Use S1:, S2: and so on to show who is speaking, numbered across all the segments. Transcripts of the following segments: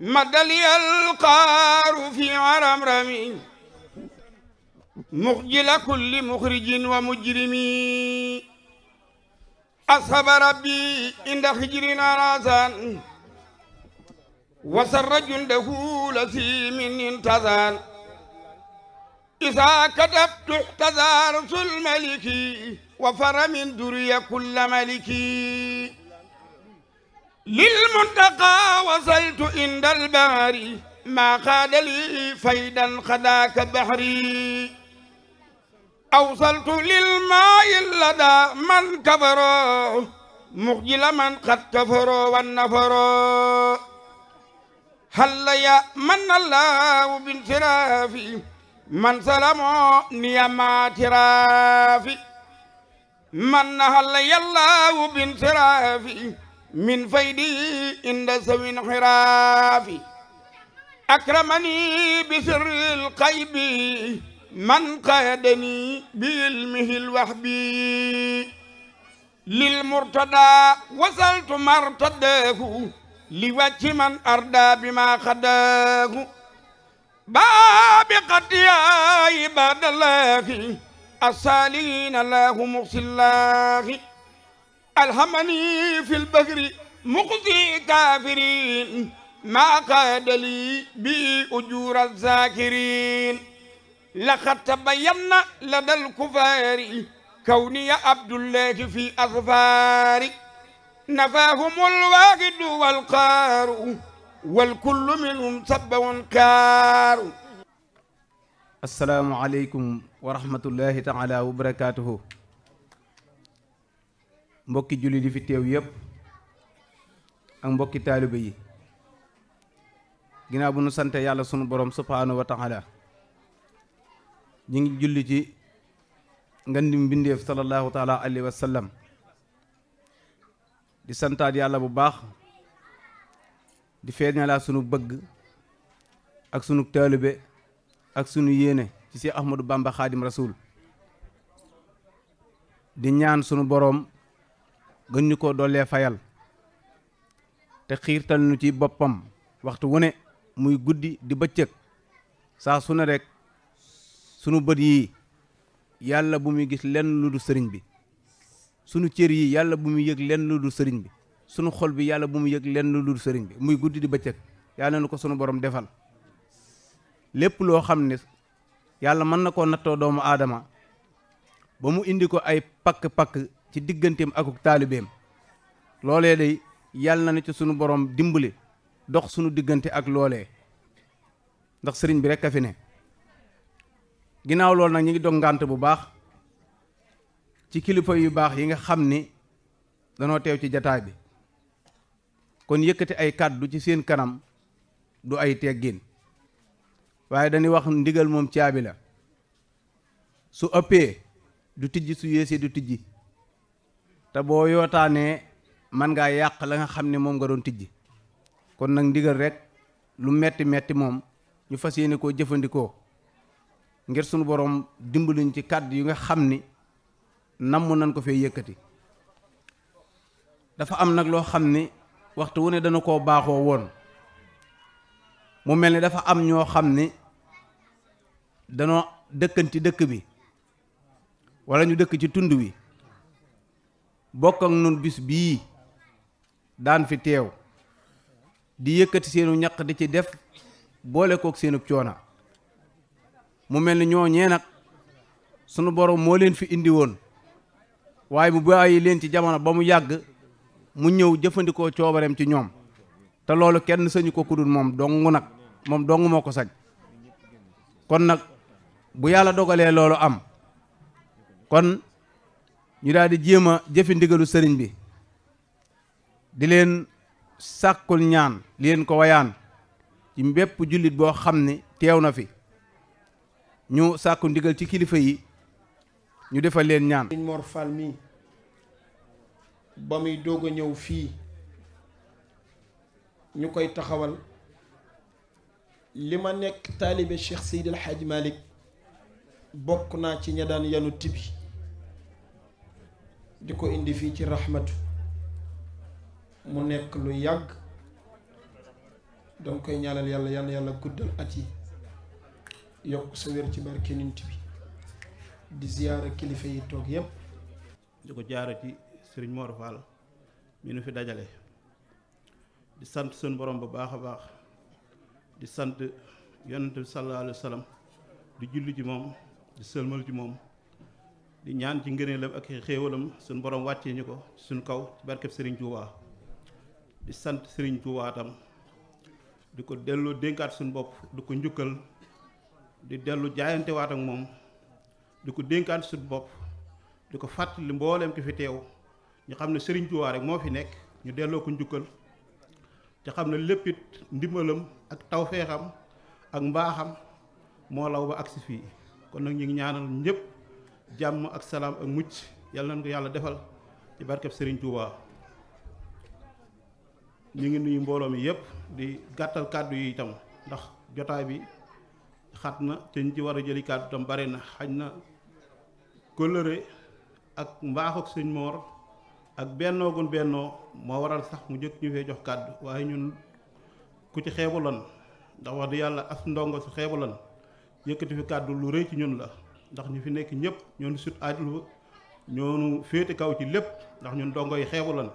S1: مدلي القار في عرم رمي مخجل كل مخرج ومجرم أصحب ربي عند خجرنا راسا وسر جنده لسي من انتظر إذا كتبت احتذى رسول ملكي وفر من دري كل ملكي للمنتقى وصلت عند البحر ما خاد لي فيدا خداك بحري أوصلت للماء لدى من كفر مخجل من قد كفر والنفر هل يأمن الله بانصرافي من سلموا نيما ترافي من هل الله بانصرافي min faydi inda sawi inxiraafi akramani bi sirri alqaybi man qaadani bi ilmihi alwahbi lil murtada wasaltu martadaahu li wàcci man arda bi ma xadaahu baabi qatiyaa ibadallaahi asaalina laahu muxsillaahi ألهمني في البكر مقصي كافرين ما قاد لي بي أجور الذاكرين لقد تبين لدى الكفار كوني عبد الله في أظفاري نفاهم الواجد والقار والكل منهم سب كار
S2: السلام عليكم ورحمة الله تعالى وبركاته mbokki julli di fi teew yépp ak mbokki taaliba yi ginnaaw bu nu sante yàlla sunu borom subhaanahu wa taala ñu ngi julli ci ngandim mbindeef sallallahu taala alayhi wa di santaat yàlla bu baax di feeñalaa sunu bëgg ak sunu taalibe ak sunu yéene ci Seex Ahmadu Bamba Xaadim Rasuul di ñaan sunu boroom gën ñu koo doolee fayal te xiirtal nu ci boppam waxtu wu ne muy guddi di bëccëg saa su ne rek sunu bët yi yàlla bu muy gis lenn lu du sëriñ bi sunu cër yi yàlla bu muy yëg lenn lu du sëriñ bi sunu xol bi yàlla bu mu yëg lenn lu sëriñ bi muy guddi di bëccëg yàlla nu ko sunu borom defal lépp loo xam ne yàlla mën na koo nattoo doomu aadama ba mu indi ko ay pakk-pakk ci digganteem akuk taalibeem loolee day yàlla na ne ci sunu boroom dimbali dox sunu diggante ak loolee ndax sëriñ bi rek a fi ne ginnaaw loolu nag ñu ngi dog ngànt bu baax ci kilifa yu baax yi nga xam ni danoo teew ci jataay bi kon yëkkati ay kàddu ci seen kanam du ay teggin waaye dañuy wax ndigal moom caabi la su ëppee du tijji su yéesee du tijji te boo yootaanee man ngaa yàq la nga xam ne moom nga doon tijji kon nag ndigal rek lu metti metti moom ñu fas yéene koo jëfandikoo ngir sunu borom dimbaluñ ci kàddu yi nga xam ni namm nañ ko fee yëkkati dafa am nag loo xam ni waxtu wu ne dana koo baaxoo woon mu mel ni dafa am ñoo xam ni danoo dëkkanti dëkk bi wala ñu dëkk ci tund wi bokk nun bis bii daan fi teew di yëkkati seenu ñaq di ci def boole kook seenu coona mu mel ni ñooñee nag sunu borom moo leen fi indi woon waaye mu bàyyi leen ci jamono ba mu yàgg mu ñëw jëfandikoo coobareem ci ñoom te loolu kenn sañu ko kudul moom dong nag moom dong moo ko sañ kon nag bu yàlla dogalee loolu am kon ñu daal di jéem a jëfi ndigalu sëriñ bi di leen sàkkul ñaan li leen ko wayaan ci bépp jullit boo xam ne teew na fi ñu sàkku ndigal ci kilifa yi ñu defal leen ñaan sëriñ Mor ba muy doog a ñëw fii
S3: ñu koy taxawal li ma nekk taalibe Cheikh Seydil Hadj Malick bokk naa ci ña daan yenu tibi di ko indi fii ci raxmatu mu nekk lu yàgg danga koy ñaanal yàlla yal yàlla guddal at yi yokk sa wér ci barke nint bi di ziyaara
S4: kilifa yi toog yépp di ko jaara ci sëriñ Mor Fall mi nu fi dajale di sant suñu borom bu baax a baax di sant yonent bi sallallahu di julli ci moom di sëlmal ci moom di ñaan ci ngëneelam ak xéewalam suñu borom wàccee ñu ko suñu kaw ci barkeb Serigne Touba di sant Serigne Touba tam di ko dellu dénkaat suñ bopp di ko njukkal di dellu jaayante waat ak moom di ko dénkaat suñ bopp di ko fàttali mbooleem ki fi teew ñu xam ne sëriñ Touba rek moo fi nekk ñu delloo ko njukkal te xam ne lépp it ndimbalam ak tawfeexam ak mbaaxam moo law ba agsi fii kon nag ñu ñaanal ñëpp. jàmm ak salaam ak mucc yàlla nañ ko yàlla defal ci barkeb sëriñ Touba ñu ngi nuyu mbooloo mi yëpp di gàttal kàddu yi itam ndax jotaay bi xat na te ñu ci war a jëli kàddu tam bare na xaj na kóllëre ak mbaaxu ak sëñ Moor ak bennoo gun bennoo moo waral sax mu jëkk ñu fee jox kàddu waaye ñun ku ci xeebuloon ndax wax di yàlla as ndongo su xeebuloon yëkkati fi kàddu lu rëy ci ñun la ndax ñu fi nekk ñëpp ñoo ñu sut aajul ñoonu féete kaw ci lépp ndax ñun dongo yi xeebu lan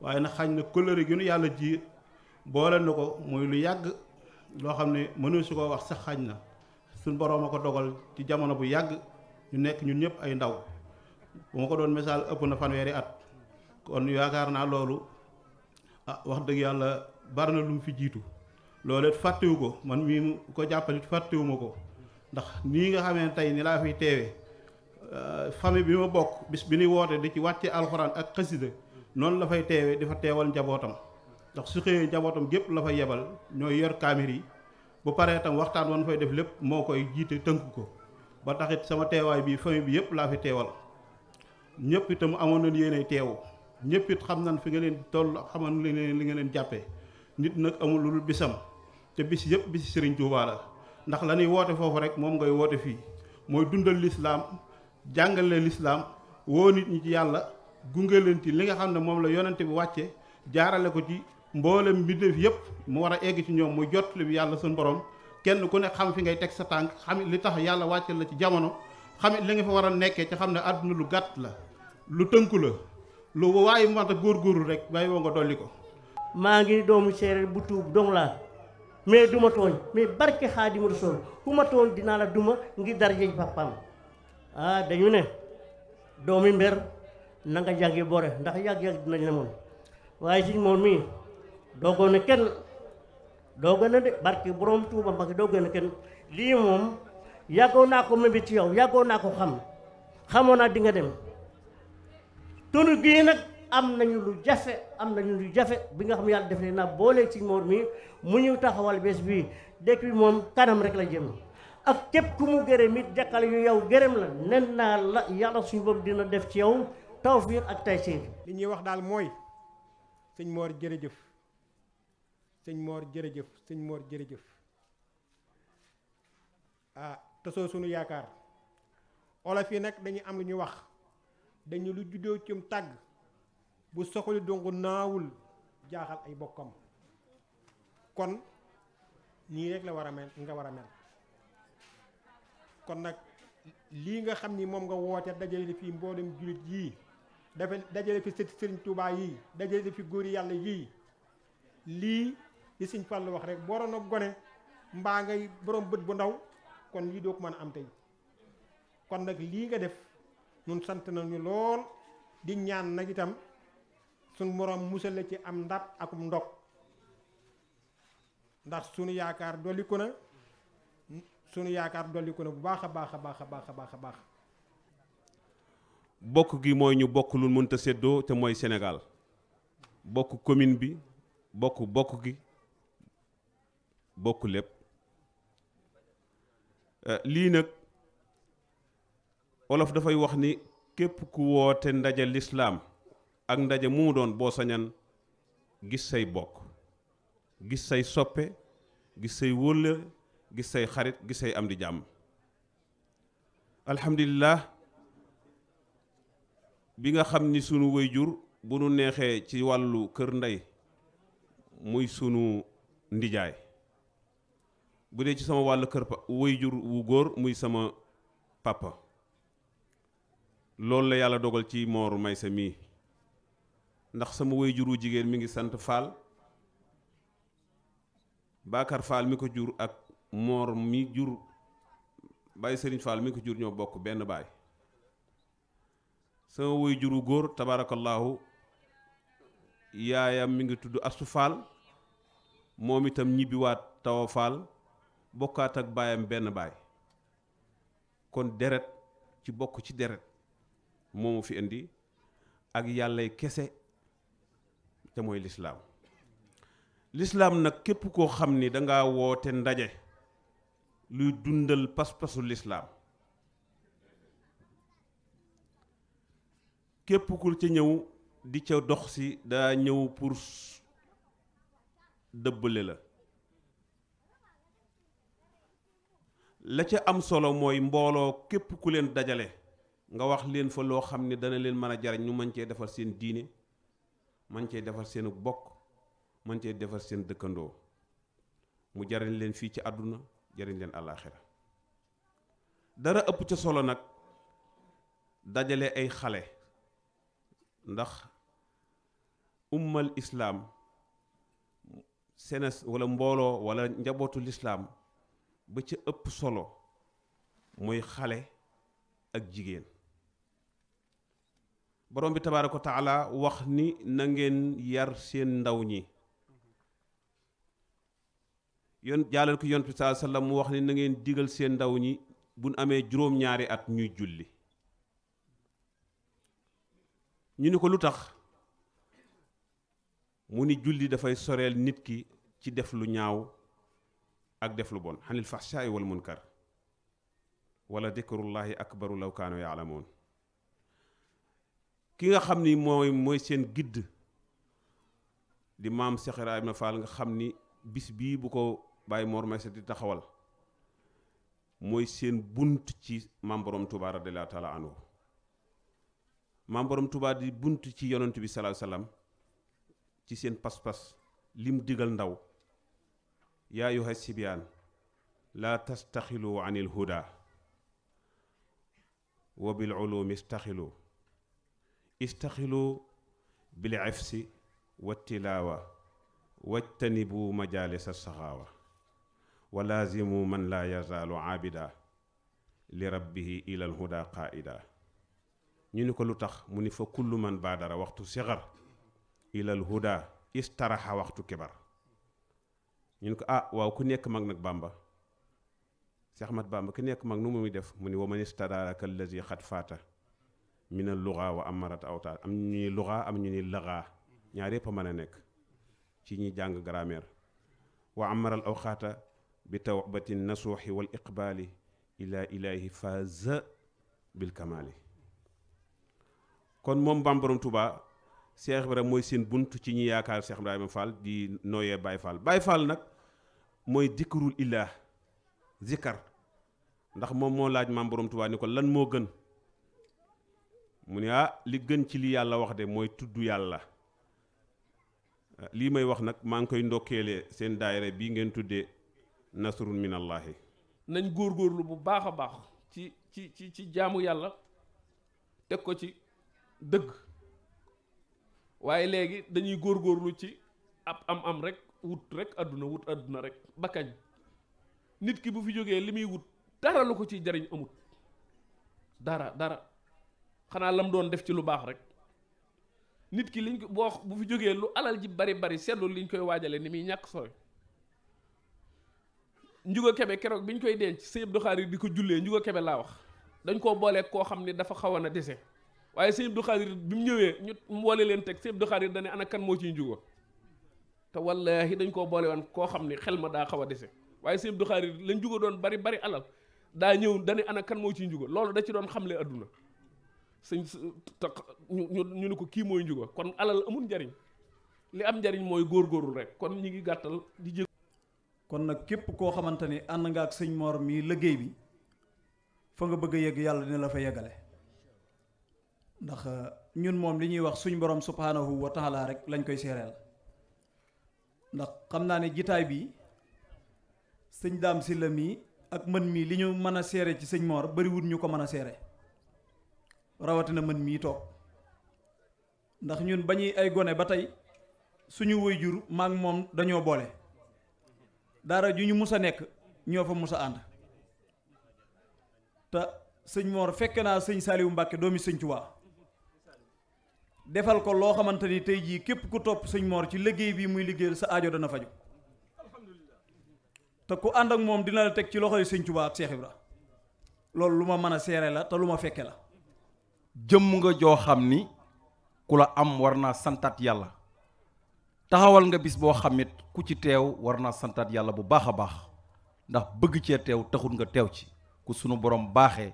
S4: waaye nag xañ na kóllëre gi nu yàlla ji boole na ko muy lu yàgg loo xam ne mënul su ko wax sax xañ na suñ boroom a ko dogal ci jamono bu yàgg ñu nekk ñun ñëpp ay ndaw bu ma ko doon misaal ëpp na fanweeri at kon yaakaar naa loolu ah wax dëgg yàlla bari na lu fi jiitu loolu fàttewu ko man mii ko jàppalit fàttewuma ko ndax nii nga xamee ne tey ni laa fiy teewe euh, famille bi ma bokk bis bi ñuy woote di ci wàcce alxuraan ak xasida noonu la fay teewee di teewal njabootam ndax su xëyee njabootam gépp la fay yebal ñoo yor kaamir yi bu paree tam waxtaan woon fay def lépp moo koy jiite tënk ko ba taxit sama teewaay bii famille bi yëpp laa fi teewal ñëpp itam amoon nañ yéenay teewu ñëpp it xam nañ fi nga leen toll xamoon li nga leen li jàppee nit nag amul lu dul bisam te bis yëpp bisi Sëriñ Tuubaa ndax la ñuy woote foofu rek moom ngay woote fii mooy dundal lislaam jàngale lislaam woo nit ñi ci yàlla gunge leen ci li nga xam ne moom la yonente bi wàcce jaarale ko ci mboolem mbindeef yépp mu war a egg ci ñoom muy jottali bi yàlla suñu borom kenn ku ne xam fi ngay teg sa tànk xam li tax yàlla wàcce la ci jamono xam li nga fa war a nekkee ci xam ne àdduna lu gàtt la lu tënku la lu waaye mat góor góorgóorlu rek bàyyi woo nga dolli ko maa ngi doomu bu tuub dong laa mais du ma tooñ
S3: mais barke Xaadimu Rasuul ku ma tooñ dinaa la duma ngir daraje papaam ah dañu ne doomi mber nanga nga jàngi boore ndax yàgg-yàgg dinañ la waaye siñ moom mii doogoo ne kenn doo doogoo ne de barke borom Tuuba Mbàkke doogoo ne kenn lii moom yàggoo naa ko mébét ci yow yàggoo naa ko xam xamoon naa di nga dem tunu gii nag am nañu lu jafe am nañu lu jafe bi nga xam yàlla def ne naa booleeg si moor mi mu ñu taxawal bees bii dëkk bi moom kanam rek la jëmm ak képp ku mu gërëm it jàkkal yu yow gërëm la nen naa la yàlla suñu bopp dina def ci yow tawfiq ak taysiir li ñuy wax daal mooy sëñ moor jërëjëf sëñ moor jërëjëf sëñ moor jërëjëf ah tasoo suñu yaakaar olof yi nag dañu am lu ñu wax dañu lu juddoo cim tàgg bu soxali dongu naawul jaaxal ay bokkam kon nii rek la war a mel nga war a mel kon nag lii nga xam ni moom nga woote dajale fi mboolem jullit yii dafa dajale fi sëti sëriñ Tuubaa yii dajale fi góori yàlla yii lii li sëñ Fallu wax rek boo doon a gone mbaa ngay borom bët bu ndaw kon lii doo ko mën a am tey kon nag lii nga def ñun sant nañu lool di ñaan nag itam suñ moroom musal la ci am ndab akum ndox ndax sunu yaakaar dolliku na sunu yaakaar dolliku na bu baax a baax a baax a baax a baax a baax
S5: bokk gi mooy ñu bokk lu mënta séddoo te mooy Sénégal bokk commune bi bokk bokk gi bokk lépp euh, lii nag olof dafay wax ni képp ku woote ndaje lislaam ak ndaje mu mu doon boo sañan gis say bokk gis say soppe gis say wóllëre gis say xarit gis say am di jàmm alhamdulilah bi nga xam ni sunu wayjur bu nu neexee ci wàllu kër ndey muy sunu ndijaay bu dee ci sama wàllu kër wayjur wu góor muy sama papa loolu la yàlla dogal ci mooru Maysa mii ndax sama woy juru jigéen mi ngi sant Fall Bakar Fall mi ko jur ak Mor mi jur Baye Serigne Fall mi ko jur ñoo bokk benn baay sama woy juru góor tabaarakallaahu yaayam mi ngi tudd Astu Fall moom itam ñibbiwaat Tawa Fall bokkaat ak baayam benn baay kon deret ci bokk ci deret moomu fi indi ak yàllay kese mooy lislaam lislaam nag képp koo xam ni danga woote ndaje luy dundal pas-pasu lislaam képp ku ca ñëw di ca dox si daa ñëw pour dëbbale la la ca am solo mooy mbooloo képp ku leen dajale nga wax leen fa loo xam ne dana leen mën a jariñ ñu mën cee defar seen diine man cee defar seenu bokk man cee defar seen dëkkandoo mu jariñ leen fii ci àdduna jariñ leen àllaaxira dara ëpp ca solo nag dajale ay xale ndax ummal islaam senes walla mbooloo wala njabootu lislaam ba ca ëpp solo mooy xale ak jigéen borom bi tabaaraka ko taala wax ni nangeen yar seen ndaw ñi yoon jaalal ko yonent bi saa sallam mu wax ni na ngeen digal seen ndaw ñi buñ amee juróom-ñaari at ñuy julli ñu ni ko lu tax mu ni julli dafay soreel nit ki ci def lu ñaaw ak def lu bon xanil fahshaai wal munkar wala dikrullahi akbaru law kaanu yaalamoon ki nga xam ni mooy mooy seen gidd di maam Cheikh Ibrahima Fall nga xam ni bis bii bu ko Baye Mor di taxawal mooy seen bunt ci maam borom Touba radiyallaahu taala maam borom Touba di bunt ci yonent bi salaahu salaam ci seen pas-pas lim digal ndaw yaa ayyuha sibiyaan laa tastaxilu an il huda wa bil istaxilu bil ifsi wa tilaawa wajtanibu majalis alsaxaawa wa laazimu man laa yazaalu aabida li rabbihi ila alhuda qaida ñu ni ko lu tax mu ni fa kullu man baadara waxtu sixar ila alhuda istaraxa waxtu kibar ñu ni ko ah waaw ku nekk mag nag bàmba Seex Ahmat Bàmba ku nekk mag nu muy def mu ni wa man istadaaraka xat faata mina luxa wa amarat awtaar am ñu ni luxa am ñu ni laxaa ñaar yëpp a mën a nekk ci ñu jàng grammaire wa amaral awxaata bi tawbati nasuuxi wal iqbaali ilaa ilaahi faaza bil kamaali kon moom Maam Borom Touba Cheikh mooy seen bunt ci ñu yaakaar Cheikh Ibrahima Fall di nooyee Baye Fall Baye Fall nag mooy dikkirul ilaah zikkar ndax moom moo laaj Maam Borom Touba ni ko lan moo gën mu ne ah li gën ci li yàlla wax de mooy tudd yàlla ah, lii may wax nag maa ngi koy ndokkeelee seen daayira bii ngeen tuddee nasrun minallaahi
S6: nañ góor góorlu bu baax a baax ci ci ci ci jaamu yàlla teg ko ci dëgg waaye léegi dañuy góor góorgóorlu ci ab am am rekk wut rek àdduna wut àdduna rekk bakkañ nit ki bu fi jógee li muy wut dara lu ko ci jariñ amut dara dara xanaa lam doon def ci lu baax rek nit ki liñ ko boo bu fi jógee lu alal ji bari bari seetlu liñ koy waajale ni muy ñàkk solo njuga kebe keroog bi ñu koy denc sëñ Abdou Khadir di ko jullee njuga kebe laa wax dañ koo booleeg koo xam ne dafa xawoon a dese waaye sëñ Abdou Khadir bi mu ñëwee ñu mboole leen teg sëñ Abdou dane ana kan moo ciy njuga te wallaahi dañ koo boole koo xam ne xel ma daa xaw a dese waaye sëñ Abdou Khadir lañ juga doon bari bari alal daa ñëw dane ana kan moo ciy njugo loolu da ci doon xamle adduna sëñ tax ñu ñu ne ko kii mooy njuga kon alal amul njariñ li am njariñ mooy góor góorgóorlu rek kon ñu ngi gàttal di jël kon nag képp koo xamante ni
S7: ànd nga ak sëñ moor mii liggéey bi foo nga bëgg a yegg yàlla dina la fa yeggale ndax euh, ñun moom li ñuy wax suñ borom subhanahu wa taala rek lañ koy seereel ndax xam naa ne jitaay bii sëñ daam si la mii ak mën mii li ñu mën a seere ci sëñ Mor bariwut ñu ko mën a seere rawatina man mii toog ndax ñun ba ay gone ba tey suñu jur maak moom dañoo boole daara ju ñu mus a nekk ñoo fa mus a ànd te sëñ moor fekke naa sëñ Saliou Mbacke doomi sëñ Tuubaa defal ko loo xamante ni tey jii képp ku topp sëñ moor ci liggéey bi muy liggéeyal sa ajo dana faju te ku ànd ak moom dina teg ci loxoy sëñ Tuubaa ak Cheikh Ibra loolu lu ma mën a seere la te lu ma fekke la jëmm nga joo xam ni ku la am war naa santaat yàlla taxawal nga bis boo xamit ku ci teew war naa santaat yàlla bu baax a baax ndax bëgg cee teew taxul nga teew ci ku sunu borom baaxee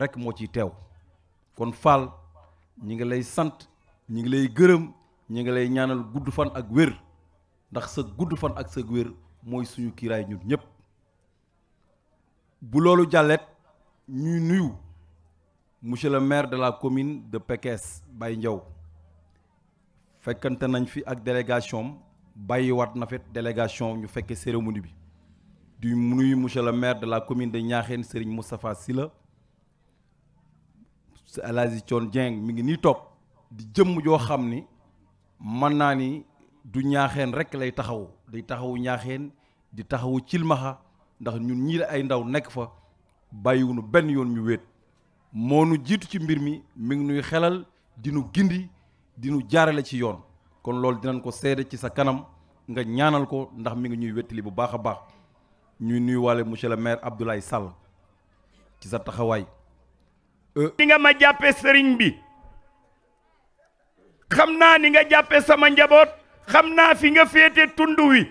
S7: rek moo ci teew kon Fall ñi ngi lay sant ñi ngi lay gërëm ñi ngi lay ñaanal gudd fan ak wér ndax sa gudd fan ak sa wér mooy suñu kiiraay ñun ñépp bu loolu jàllet ñuy nuyu monsieur le maire de la commune de Pekes Baye njaw fekkante nañ fi ak délégation bàyyiwaat na fet délégation ñu fekkee cérémonie bi di nuyu monsieur le maire de la commune de Niakhène Serigne Moustapha Sylla El Hadji Thione Dieng mi ngi nii toog di jëmm joo xam ni mën naa ni du ñaaxeen rek lay taxawu day taxawu Niakhène di taxawu Cilmaxa ndax ñun ñii ay ndaw nekk fa bàyyiwunu benn yoon ñu wéet moo nu jiitu ci mbir mi mi ngi nuy xelal dinu nu gindi di jaarale ci yoon kon loolu dinañ ko seede ci sa kanam nga ñaanal ko ndax mi ngi ñuy wettali bu baax a baax ñuy nuyuwaale monsieur le maire Abdoulaye Sall ci sa taxawaay.
S8: Euh, ni nga ma jàppe sëriñ bi xam naa ni nga jàppe sama njaboot xam naa fi nga féete tund wi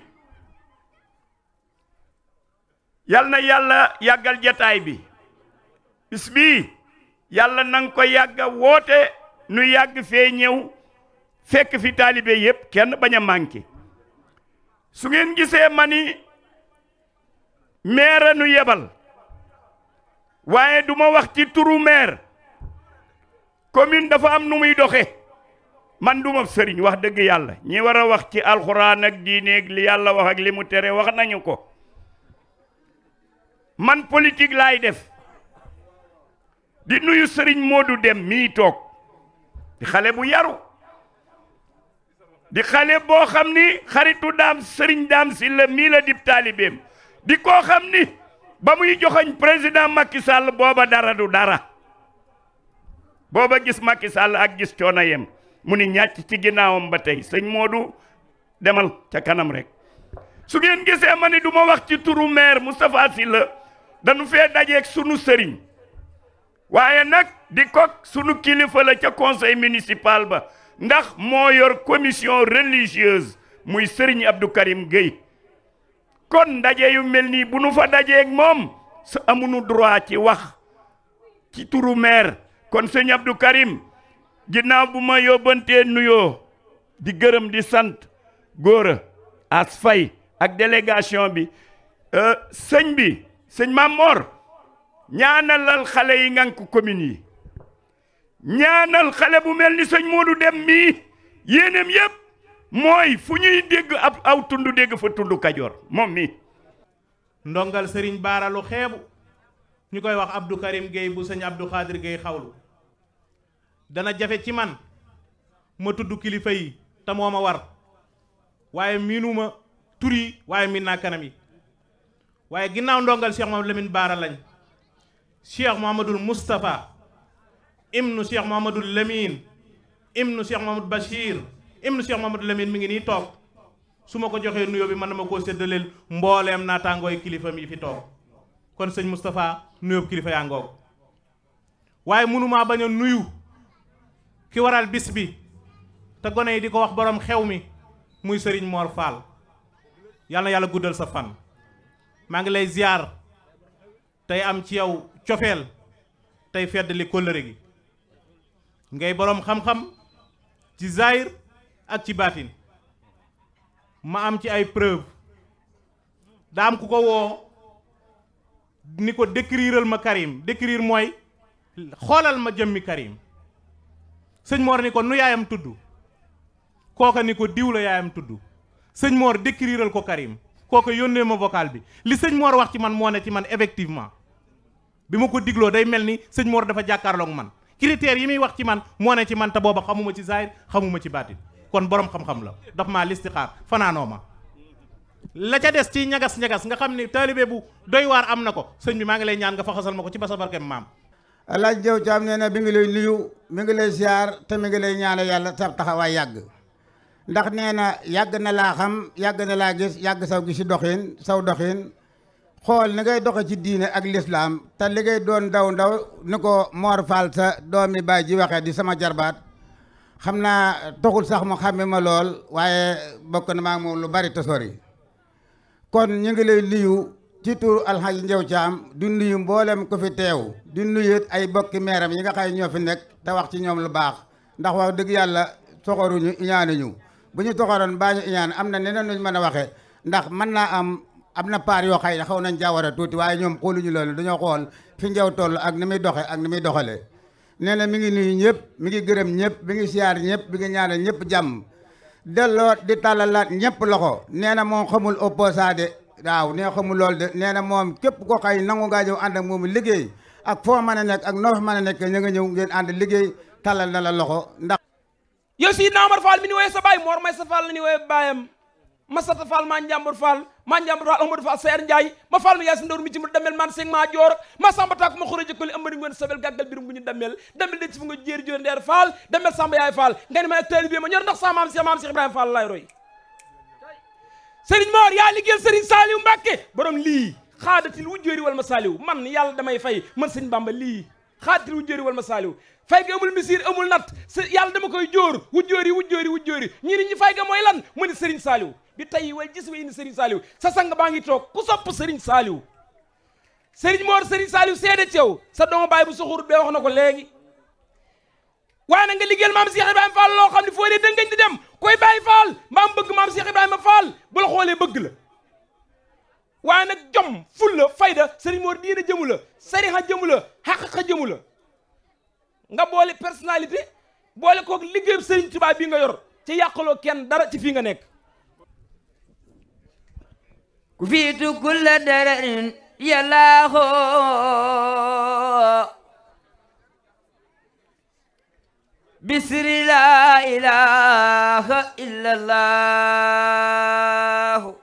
S8: yal na yàlla yàggal jataay bi bis bi yàlla na ko yàgg a woote nu yàgg fee ñëw fekk fi taalibe yépp kenn bañ a mànke su ngeen gisee ma ni maire nu yebal waaye du ma wax ci turu maire commune dafa am nu muy doxe man du sëriñ wax dëgg yàlla ñi war a wax ci alxuraan ak diineeg li yàlla wax ak li mu wax nañu ko man politique laay def di nuyu sëriñ moo du Dem mii toog di xale bu yaru di xale boo xam ni xaritu daam sëriñ daam si la mii la dib taalibeem di koo xam ni ba muy joxoñ président Macky Sall booba dara du dara booba gis Macky Sall ak gis coono yem mu ni ñàcc ci ginnaawam ba tey sëñ moo du demal ca kanam rek su ngeen gisee ma ni du ma wax ci turu maire Moustapha Sylla dañu fee dajeeg sunu sëriñ waaye nag di kok sunu kilifa la ca conseil municipal ba ndax moo yor commission religieuse muy Serigne Abdou Karim Gueye kon ndaje mel nii bu nu fa dajeeg moom sa amunu droit ci wax ci turu maire kon sëñ Abdou Karim ginnaaw bu ma yóbbantee nuyoo di gërëm di sant góora as fay ak délégation bi euh, sëñ bi sëñ Mamor ñaanalal xale yi ngànk commune yi ñaanal xale bu mel ni sëñ Modou Dem mii yéeneem yépp mooy fu ñuy dégg ab aw tund dégg fa tund Kajoor moom mii ndongal
S9: sëriñ baaralu lu xeebu ñu koy wax Abdou Karim Gueye bu sëñ Abdou Khadir xawlu dana jafe ci man ma tudd kilifa yi te moo ma war waaye miinuma tur yi waaye miin naa kanam yi waaye ginnaaw ndongal Cheikh Mamadou Lamine Baara lañ nu cheikh Mouhamadul Moustapha ibnu cheikh Mouhamadul Lamine ibnu cheikh Mouhamadul nu ibnu cheikh Mouhamadul Lamine mi ngi nii toog su ma ko joxee nuyoo bi mën na ma koo séddaleel mbooleem naataangooy kilifa mi fi toog kon sëñ Moustapha nuyoo kilifa yaa ngoog waaye mënumaa bañ a nuyu ki waral bis bi te gone yi di ko wax boroom xew mi muy sëriñ Mor Fall yàlla yàlla guddal sa fan maa ngi lay ziar tey am ci yow cofeel tey feddali kóllëre gi ngay boroom xam-xam ci zaahir ak ci baatin ma am ci ay preuve daam ku ko woo ni ko décriral ma Karim décrire mooy xoolal ma jëmmi Karim sëñ Mor ni ko nu yaayam tudd kooka ni ko diw yaayam tudd sëñ Mor décriral ko Karim kooka yónnee ma vocal bi li sëñ Mor wax ci man moo ne ci man effectivement bi ma ko digloo day mel ni sëñ Mor dafa jàkkaarloog man critères yi muy wax ci man moo ne ci man te booba xamuma ci zahir xamuma ci baatin kon borom xam-xam la daf maa listixaar fanaanoo ma la ca des ci ñagas-ñagas nga xam ne taalibe bu doy waar am na ko sëñ bi maa ngi lay ñaan nga fa xasal ma ko ci ba sa barkeem maam
S10: alaaj jëw caam nee na bi ngi lay nuyu mi ngi lay ziar te mi ngi lay ñaanal yàlla sa taxawaay yàgg ndax nee na yàgg na laa yàgg na laa gis yàgg saw gi si doxin saw doxin xool ni ngay doxe ci diine ak lislaam te li ngay doon ndaw ndaw ni ko Mor Fall sa doomi baay ji waxee di sama jarbaat xam naa taxul sax mu xàmme ma lool waaye bokk na maa lu bari te yi kon ñu ngi lay nuyu ci tur Njaw Caam di nuyu mboolem ku fi teew di nuyu ay bokki meeram yi nga xam ñoo fi nekk te wax ci ñoom lu baax ndax wax dëgg yàlla soxoruñu iñaanuñu bu ñu soxoroon baa ñu iñaan am na neneen nuñ mën a waxe ndax mën naa am am na paar yoo xay ne xaw nañ caa a tuuti waaye ñoom xooluñu loolu dañoo xool fi ngeew toll ak ni muy doxe ak ni muy doxalee nee na mi ngi nuyu ñëpp mi ngi gërëm ñëpp mi ngi siyaar ñëpp mi ngi ñaanal ñëpp jàmm delloo di tàllalaat ñëpp loxo nee na moom xamul opposant de waaw nee xamul loolu de nee na moom képp ko xay nangu ngaa ñëw ànd ak moomu liggéey ak foo mën a nekk ak noo mën a nekk ña nga ñëw ngeen ànd liggéey tàllal na la loxo ndax
S11: yow si naa Masata Fall maa Njàmbur Fall maa Njàmbur Fall Amadou Fall Seer Ndiaye ma Fall mi Yaasin Ndawr mi ci mu damel man seng maa joor ma Samba Taak ma xuree jëkkali ëmbari ngeen sabel gàggal birum bu ñu damel damel de ci fu nga jéeri jor ndeer Fall damel Samba Yaay Fall nga ne ma taalibe ma ñor ndax sa maam si maam si Ibrahima Fall laay roy Serigne Mor yaa liggéeyal Serigne Saliou Mbacke borom lii xaadatil wu jóori wal ma Saliou man yàlla damay fay man Serigne Bamba lii xaadatil wal ma Saliou fay ga amul misir amul yàlla dama koy jóor wu jóori wu jóori wu jóori ñi ni mooy lan mu ni Serigne Saliou bi tey wal gis wey ni Serigne Saliou sa sang baa ngi toog ku sopp Serigne Saliou Serigne Mor Serigne Saliou seede ci yow sa doomu baay bu suxurut bee wax na ko léegi waaye nag nga liggéeyal maam Cheikh Ibrahima Fall loo xam ne foo dee dëngañ di dem koy bàyyi Fall mbaam bëgg maam Cheikh Ibrahima Fall bu la xoolee bëgg la waaye nag jom ful la fayda Serigne Mor diina jëmu la sariha jëmu la xaqaqa jëmu la nga boole personnalité boole kook liggéeyu Serigne Touba bi nga yor ci yàqaloo kenn dara ci fii nga
S12: nekk كفيت كل درر يلاه بسر لا إله إلا الله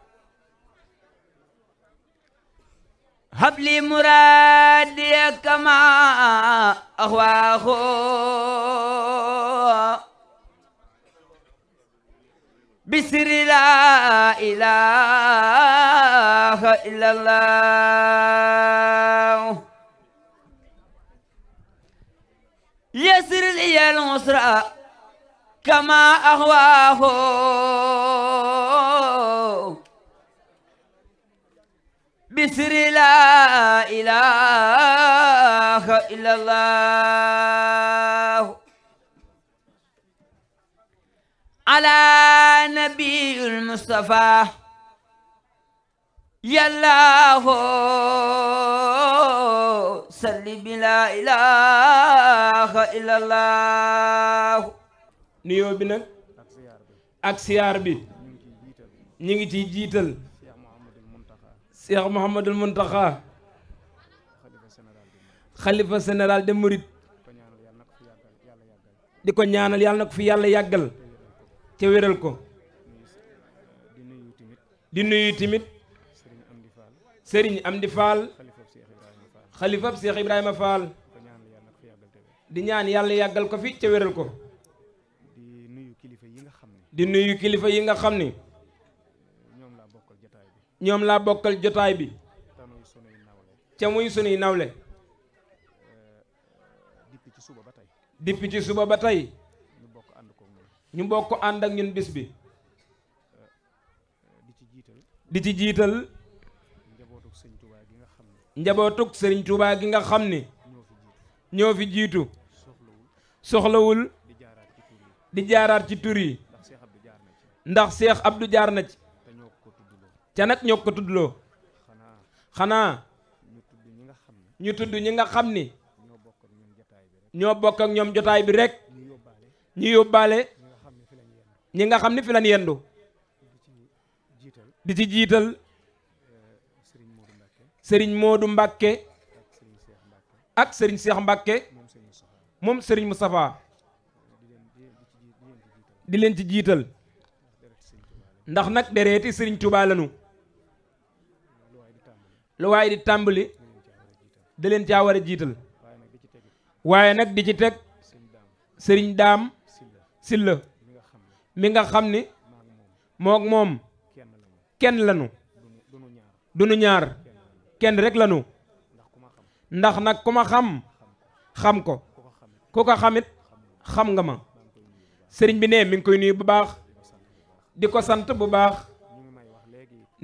S12: هب لي مرادي كما أهواه بسر لا إله إلا الله يسر لي العسر كما أهواه بسر لا إله إلا الله على نبي المصطفى يا الله صل بلا إله إلا الله nuyoo bi nag ak siyaar bi
S11: ñu ngi ciy jiital Cheikh Mouhamadul Mountakha xalifa général de Mouride di ko ñaanal yàlla na ko fi yàlla yàggal ca wéral ko di nuyu tamit Serigne Amdi Fall xalifab Seex Ibrahima Fall di ñaan yàlla yàggal ko fi ca wéral ko di nuyu kilifa yi nga xam ni ñoom laa bokkal jotaay bi ca muy sunuy nawle depuis ci suba ba tey ñu bokk ànd ak ñun bis bi. Eh, di ci jiital. di ci jiital. njabootuk sëriñ Tuubaa gi nga xam ne. njabootuk sëriñ Tuubaa gi nga xam ne. ñoo fi jiitu. soxlawul. di jaaraat ci tur yi. ndax Seex du jaar na ci. ca nag ñoo ko tuddloo. xanaa. ñu tudd ñi nga xam ni. ñoo bokk ak ñoom jotaay bi rekk ñu yóbbaale. ñi nga xam ni fi lan yendu di ci jiital sëriñ Moodu Mbàkke ak sëriñ Seex mbakke moom sëriñ Moustapha di leen ci jiital ndax nag dereeti sëriñ Tuubaa lanu lu waaye di tàmbali da leen caa a jiital waaye nag di ci teg sëriñ Daam Silla mi nga xam ni mook moom kenn lanu dunu ñaar kenn rek lanu ndax nag ku ma xam xam ko ku ko xamit xam nga ma sëriñ bi ne mi ngi koy nuyu bu baax di ko sant bu baax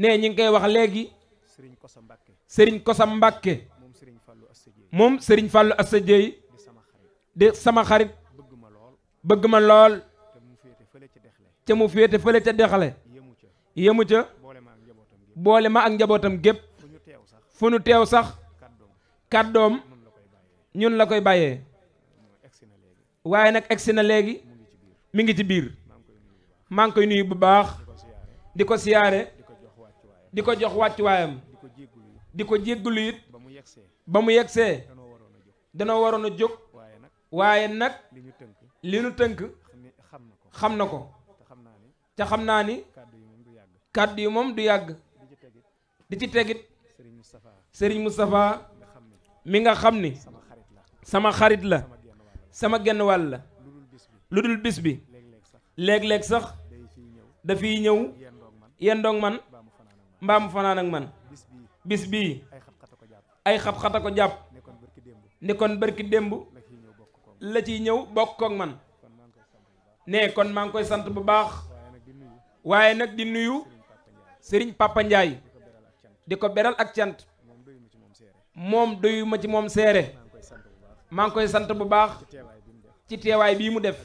S11: ne ñi ngi koy wax léegi sëriñ ko Kosa Mbàkke moom sëriñ Fàllu Assajeey di sama xarit bëgg ma lool ca mu féete fële ca dexale yemu ca boole ma ak njabootam gépp fu nu teew sax kàddoom ñun la koy bàyyee waaye nag egsi na léegi mi ngi ci biir maa ngi koy nuyu bu baax di ko siyaare di ko jox wàccuwaayam di ko jéggulu it ba mu yegsee danoo waroon a jóg waaye nag li ñu tënk xam na ko te xam naa ni kàddu yi moom du yàgg di ci tegit sëriñ Moustapha mi nga xam ni sama xarit la sama genn wàll la lu dul bis bi léeg-léeg sax dafiy ñëw yendoog man mbaa mu fanaan ak man bis bii ay xat-xata ko jàpp ne kon bërki démb la ciy ñëw bokk kook man ne kon maa ngi koy sant bu baax waaye nag di nuyu sëriñ Papa Ndiaye di ko beral ak cant moom doyuma ci moom seere maa ngi koy sant bu baax ci teewaay bii mu def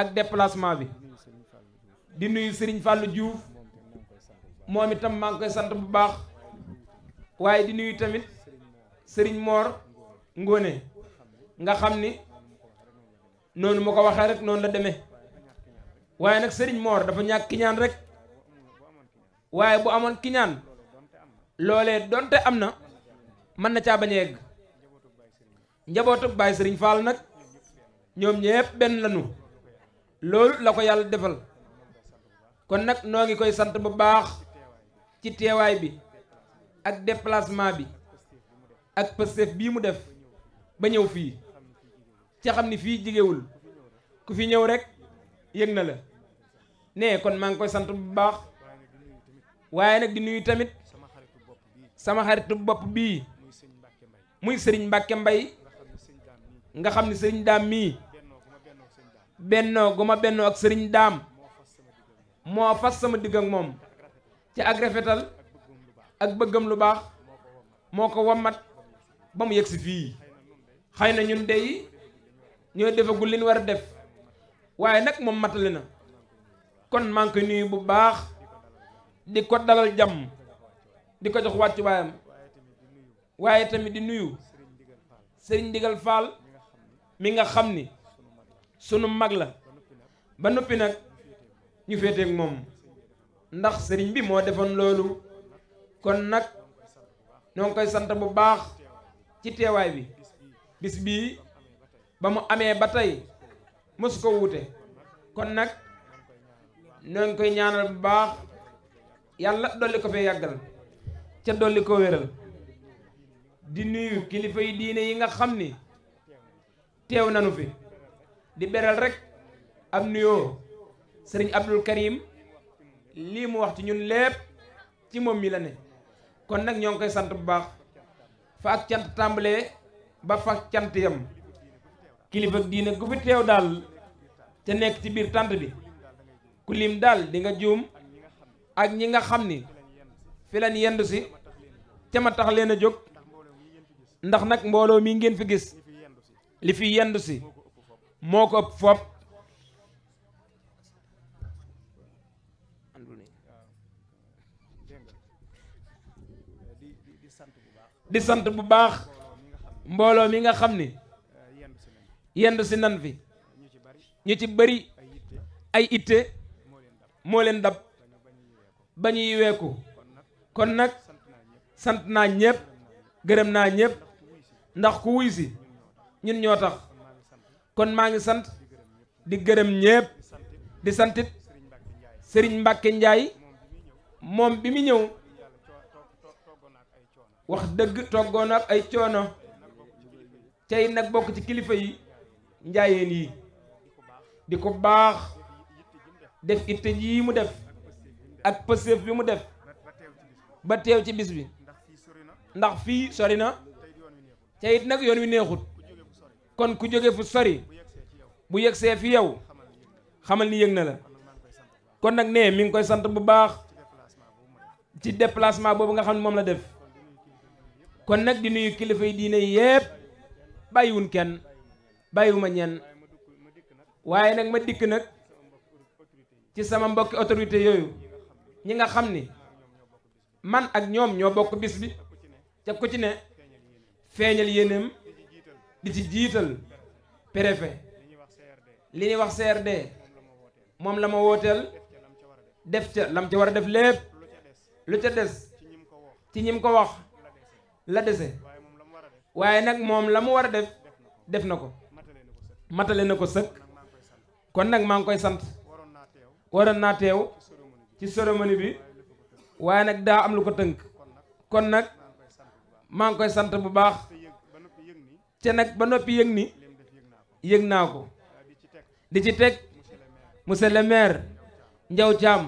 S11: ak déplacement bi di nuyu sëriñ fàllu Diouf moom itam maa ngi koy sant bu baax waaye di nuyu tamit sëriñ Mor Ngone nga xam ni noonu ma ko waxee rek noonu la demee waaye nag sëriñ moor dafa ñàkk kiñaan rek waaye bu amoon kiñaan loolee donte am na mën na caa bañ a egg njabootug baay sëriñ faal nag ñoom ñépp benn lañu loolu la ko yàlla defal kon nag noo ngi koy sant bu baax ci teewaay bi ak déplacement bi ak pëstef bii mu def ba ñëw fii ci xam ni fii jigéewul ku fi ñëw rek yëg na la nee kon maa ngi koy sant bu baax waaye nag di nuyu tamit sama xaritu bopp bii muy sëriñ Mbàkke Mbay nga xam ne sëriñ daam mii bennoo gu ma bennoo ak sëriñ daam moo fas sama digg ak moom ci ak rafetal ak bëggam lu baax moo ko mat ba mu si fii xëy na ñun de yi ñoo defagul li ñu war a def waaye nag moom matali na kon maa nuyu bu baax di ko dalal jàmm di ko jox wàccu waayam waaye tamit di nuyu sëriñ digal faal mi nga xam ni sunu mag la ba noppi nag ñu féeteeg moom ndax sëriñ bi moo defoon loolu kon nag ñoo ngi koy sant bu baax ci teewaay bi bis bii ba mu amee ba tey mosu ko wuute kon nag noo ngi koy ñaanal bu baax yàlla dolli ko fee yàggal ca dolli ko wéral di nuyu kilifa yi diine yi nga xam ni teew nanu fi di beral rek am nuyoo sëriñ Abdul Karim lii mu wax ci ñun lépp ci moom mi la ne kon nag ñoo ngi koy sant bu baax fa ak cant tàmbalee ba fa cant yam kilifa diine gu fi teew daal te nekk ci biir tànt bi ku daal di nga juum ak ñi nga xam ni fi leen yendu si ca ma tax leen a jóg ndax nag mbooloo mi ngeen fi gis li fi yendu si moo ko ëpp fopp di sant bu baax mbooloo mi nga xam ni yendu si nan fi ñu ci bari ay itte moo leen dab ba ñuy weeku kon nag sant naa ñépp gërëm naa ñépp ndax ku wuy si ñun ñoo tax kon maa ngi sant di gërëm ñépp di santit sëriñ Mbàkke Njaay moom bi mu ñëw wax dëgg toggoon ak ay coono tey nag bokk ci kilifa yi njaayeen yi di ko baax def itte yii mu def ak pëseef bi mu def ba teew ci bis bi ndax fii sori na te it nag yoon wi neexut kon ku jóge fu sori bu yegsee fi yow xamal ni yëg na la kon nag nee mi ngi koy sant bu baax ci déplacement boobu nga xam ne moom la def kon nag di nuyu kilifa yi diine yépp bàyyiwun kenn ma ñenn waaye nag ma dikk nag ci sama mbokki autorité yooyu ñi nga xam ni man ak ñoom ñoo bokk bis bi te ku ci ne feeñal yéeneem di ci jiital préfet li ñuy wax CRD moom la ma wooteel def ca lam ca war a def lépp lu ca des ci ñim ko wax la dese waaye nag moom la mu war a def def na ko matale na ko sëkk kon nag maa ngi koy sant waroon naa teew ci cérémonie bi waaye nag daa am lu ko tënk kon nag maa ngi koy sant bu baax te nag ba noppi yëg ni yëg naa ko di ci teg monsieur le maire Ndiaw Thiam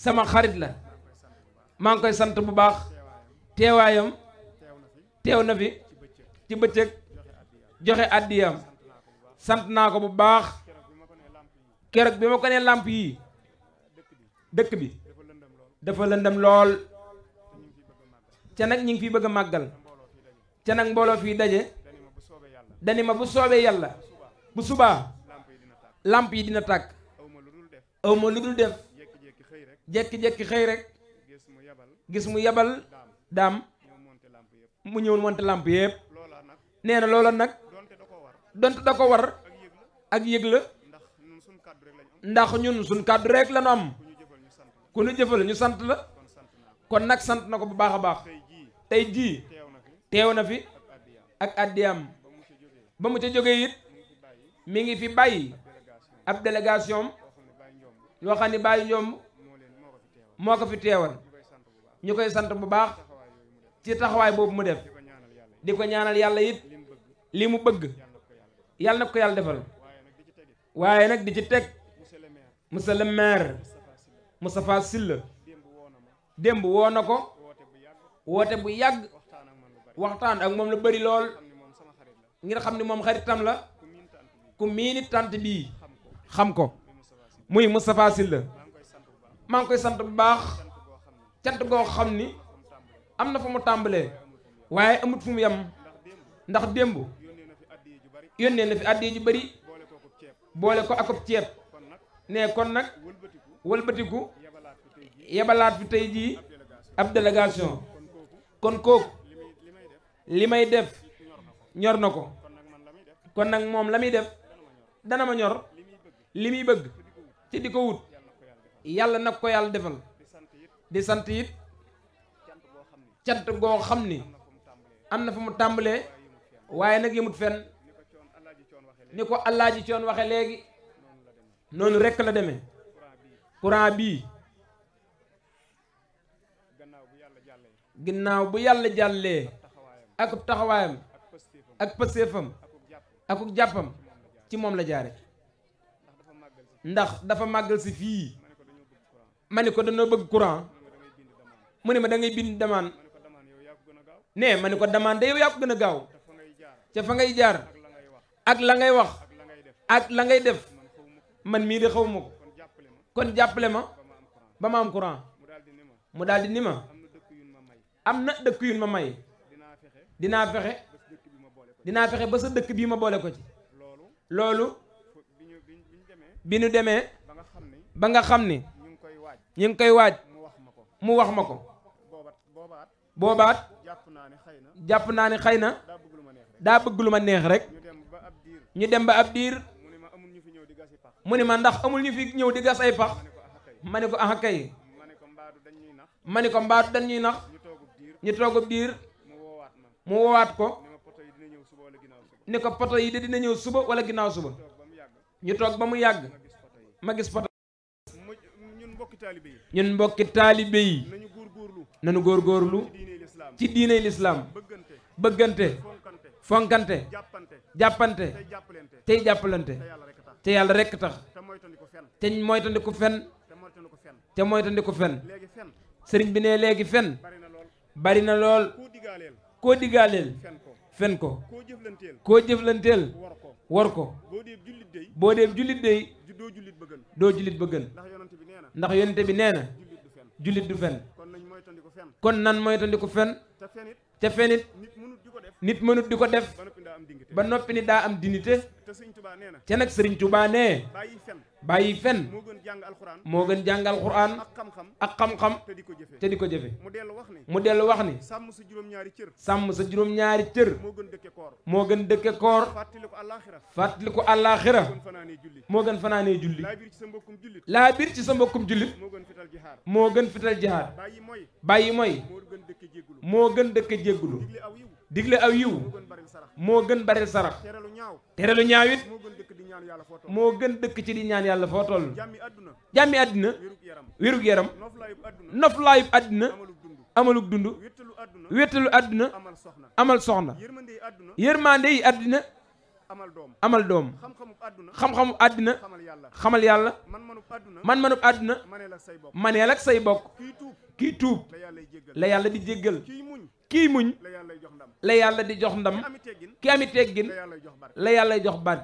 S11: sama xarit la maa ngi koy sant bu baax teewaayam teew na bi ci bëccëg joxe àddiyaam sant naa ko bu baax keroog bi ma ko nee làmp yii dëkk bi dafa lëndam lool ca nag ñu ngi fiy bëgg a màggal ca nag mbooloo fii daje dani ma bu soobee yàlla bu subaa làmp yi dina tàkk aw ma lu dul def jekki jékki xëy rek gis mu yabal daam mu ñëw monte làmp yëpp nee na loola nag donte da ko war ak yëg la ndax ñun suñ kàddu rek la ñu am ku ñu jëfal ñu sant la kon nag sant na ko bu baax a baax tey jii teew na fi ak àddiyaam ba mu ca jógee it mi ngi fi bàyyi ab délégation yoo xam ne bàyyi ñoom moo ko fi teewal ñu koy sant bu baax ci taxawaay boobu mu def di ko ñaanal yàlla it li mu bëgg yàlla na ko yàlla defal waaye nag di ci teg monsieur le maire Moustapha Sylla démb woo na ko woote bu yàgg waxtaan ak moom la bëri lool ngir xam ni moom xaritam la ku miini tant bii xam ko muy Moustapha Sylla maa ngi koy sant bu baax cant goo xam ni am na fa mu tàmbalee waaye amut fu mu yam ndax démb yónnee na fi addiye ju bari boole ko ak akub ceeb ne kon nag wëlbatiku yebalaat fi tey jii ab délégation kon kooku li may def ñor na ko kon nag moom la muy def dana ma ñor li muy bëgg ci di ko wut yàlla na ko yàlla defal di sant it cant goo xam ni am na fu mu tàmbalee waaye nag yëmut fenn ni ko allaaji coon waxe léegi noonu rekk la demee courant bii ginnaaw bu yàlla jàllee ak taxawaayam ak pëseefam ak jàppam ci moom la jaare ndax dafa màggal si fii ma ne ko dañoo bëgg courant mu ne ma da ngay bind demande nee ma ne ko demande yow yaa ko gën a gaaw ca fa ngay jaar ak la ngay wax ak la ngay def man mii de xaw ma ko kon jàppale ma ba ma am courant mu daal di ni ma am na dëkk yu ma may dinaa fexe dinaa fexe ba sa dëkk bii ma boole ko ci loolu bi ñu demee ba nga xam ni ñu ngi koy waaj mu wax ma ko boobaat jàpp naa ni xëy na daa bëgg lu ma neex rek ñu dem ba ab diir mu ne ma ndax amul ñu fi ñëw di gas ay pax ma ne ko ah kay ma ne ko mbaatu dañ ñuy nax ñu toogub diir mu woowaat ko ne ko poto yi de dina ñëw suba wala ginnaaw suba ñu toog ba mu yàgg ma gis poto ñun mbokki taalibe yi nañu góorgóorlu ci diiney lislaam bëggante fonkante jàppante tey jàppalante te yàlla rekk tax te moytandiku fen te moytandiku fen sëriñ bi ne léegi fen bari na lool koo digaaleel fen ko koo jëflanteel war ko boo dee jullit day doo jullit ba gën ndax yonente bi nee na jullit du fen kon nan moytandiku fen te fenit nit mënut di ko def ba noppi ni daa am dignité te nag sëriñ Tuubaa nee bàyyi fen moo gën jàng alxuraan ak xam-xam te di ko jëfe mu dellu wax ni sàmm sa juróom-ñaari cër moo gën dëkke koor fàttali ko àllaaxira moo gën fanaanee julli
S1: laa biir ci sa mbokkum jullit
S11: moo gën fital jihaad bàyyi mooy moo gën dëkke jéggulu digle aw yiw moo gën baril sarax
S1: tere lu ñaaw it
S11: moo gën dëkk ci di ñaan yàlla foo toll jàmmi àddina wérug yaram noflaayub àddina amalug dund wéttalu àddina amal soxna
S2: yërmande yi àddina
S11: amal doom xam-xamu àddina xamal yàlla man-manub àddina maneel ak say bokk kii tuub la yàlla di jéggal kii muñ la yàlla di jox ndam ki ami teggin la yàlla jox baat